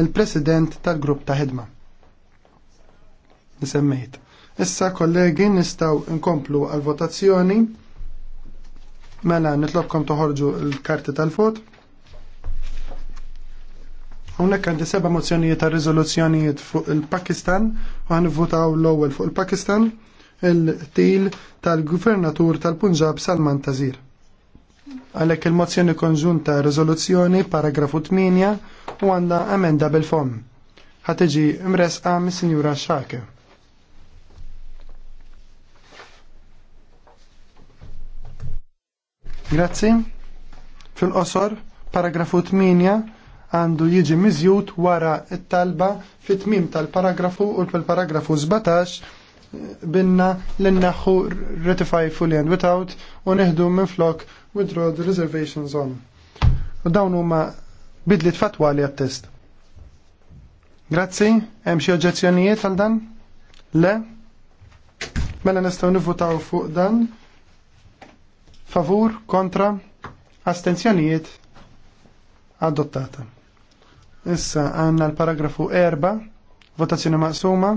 il-President tal-Grupp ta' ħidma. Nisemmejt. Issa kollegi nistaw nkomplu għal-votazzjoni. Mela nitlobkom toħorġu l-karti tal-vot. Hawnhekk għandi seba' mozzjonijiet ta' riżoluzzjonijiet fuq il-Pakistan u votaw l-ewwel fuq il-Pakistan il-til tal-Gvernatur tal-Punġab Salman Tazir. Għalhekk il-mozzjoni konġunta riżoluzzjoni paragrafu 8 u għanda emenda bil-fom. Ħateġi mresqa mis-Sinjura Xake. Grazzi. Fil-qosor, paragrafu 8 għandu jiġi miżjut wara it-talba fit-tmim tal-paragrafu u fil-paragrafu 17 eh, binna l-naħu ratify fully and without u neħdu minn flok withdraw the reservation zone. U dawn huma bidlit fatwa li għattest. test Grazzi, hemm xi oġġezzjonijiet għal dan? Le? Mela nistgħu nivvutaw fuq dan. Favur, kontra, astenzjonijiet adottata. Issa għanna l-paragrafu 4, votazzjoni maqsuma,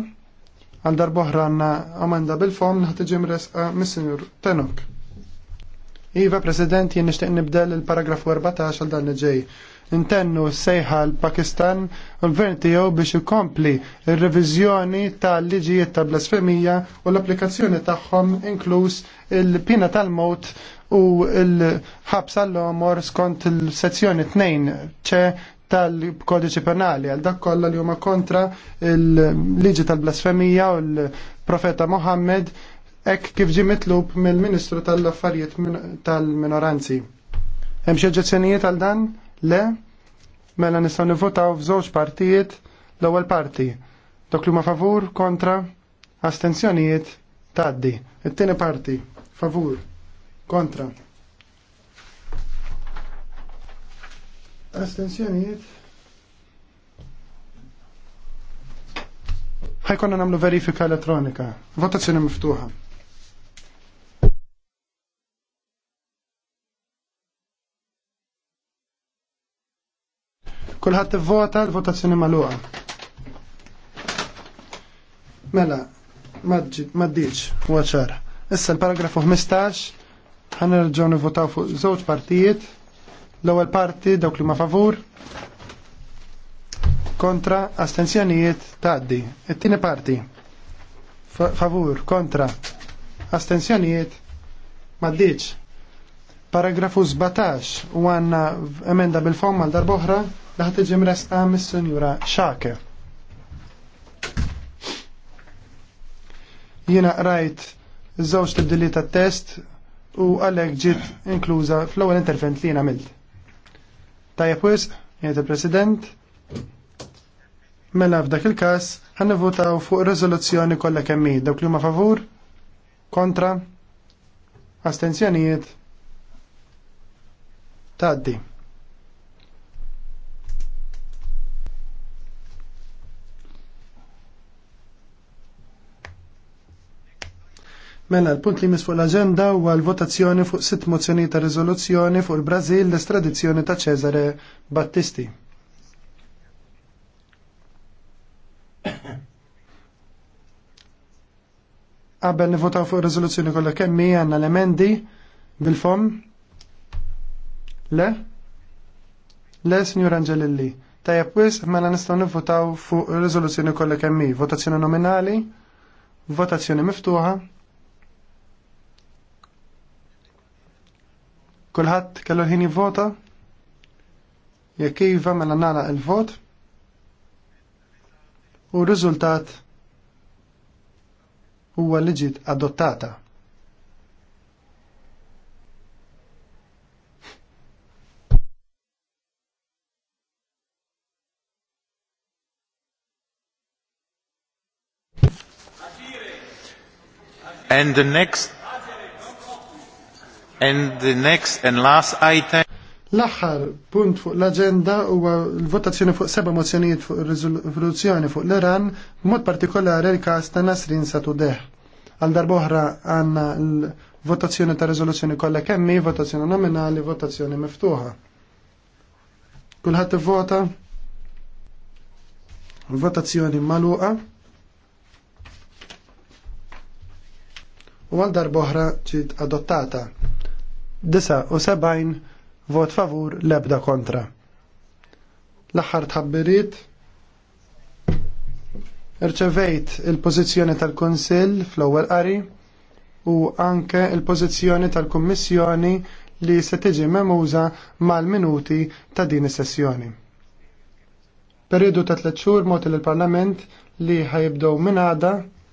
għal darboħra għanna għamanda bil-fom li ħatiġi mresqa mis-senjur Tenok. Iva, President, jien nixtieq nibdel il paragraf 14 għal dan ġej. Intennu sejħa l-Pakistan u l-gvern tiegħu biex ikompli r-reviżjoni tal-liġijiet ta' blasfemija u l-applikazzjoni tagħhom inkluż il-pina tal mot u l-ħabs għall-omor skont il-sezzjoni 2 ċe tal-kodiċi penali għal dak kollha li huma kontra il-liġi tal-blasfemija u l-profeta Mohammed ek kif ġi mitlub mill-Ministru tal-Affarijiet tal-Minoranzi. Hemm xi oġġezzjonijiet għal dan? Le? Mela nistgħu nivvotaw f'żewġ partijiet l-ewwel parti. Dok li ma favur, kontra, astenzjonijiet, taddi. It-tieni parti, favur, kontra. Astenzjonijiet. ħajkonna namlu verifika elettronika. Votazzjoni miftuħa. Kulħadd ivvota l-votazzjoni magħluqa. Mela, maddiċ, waċar. Issa l-paragrafu 15 ħanerġgħu nivvotaw fuq żewġ partijiet. L-ewwel parti dawk li ma favur. Kontra astenzjonijiet taddi. It-tieni parti. Favur, kontra, astenzjonijiet, maddiċ. Paragrafu 17 u għanna emenda bil-fom għal darboħra Daħt iġim resqa mis-senjura Xake. Jiena qrajt żewġ tibdili ta' test u għalhekk ġiet inkluża fl-ewwel intervent li jien għamilt. Tajja pwis, jgħid il-President, mela f'dak il-każ ħannivvutaw fuq riżoluzzjoni kollha kemm dawk li huma favur, kontra, astenzjonijiet, tgħaddi. Mela, l-punt li misfuq l-agenda huwa l-votazzjoni fuq sitt mozzjoni ta' riżoluzzjoni fuq il-Brażil l-estradizzjoni ta' Cesare Battisti. Qabel nivotaw fuq ir-riżoluzzjoni kollha kemm mi għandna l-emendi bil-fom? Le? Le, Signor Angelilli. Tajab wis, mela nistgħu nivvotaw fuq ir-riżoluzzjoni kollha kemm hi. Votazzjoni nominali, votazzjoni miftuħa. Kulħadd kellu ħin jivvota? Jekk iva mela nara il-vot? U r-riżultat huwa li ġiet adottata. And the next And the next and last item L-aħħar punt fuq l-agenda huwa l-votazzjoni fuq seba' mozzjonijiet fuq riżoluzzjoni fuq l-Iran, b'mod partikolari l-każ ta' Nasrin Satudeh. Għal darboħra għandna l-votazzjoni ta' riżoluzzjoni kollha kemmi, votazzjoni nominali, votazzjoni miftuħa. Kulħadd ivvota. Votazzjoni magħluqa. U għal darboħra ġiet adottata. 79 vot favur lebda kontra. L-aħħar tħabbiriet Irċevejt il-pożizzjoni tal-Kunsill fl-ewwel qari u anke il-pożizzjoni tal-Kummissjoni li se tiġi memuża mal-minuti ta' din is-sessjoni. Periodu ta' tliet xhur mod il-Parlament li ħajibdew minn għada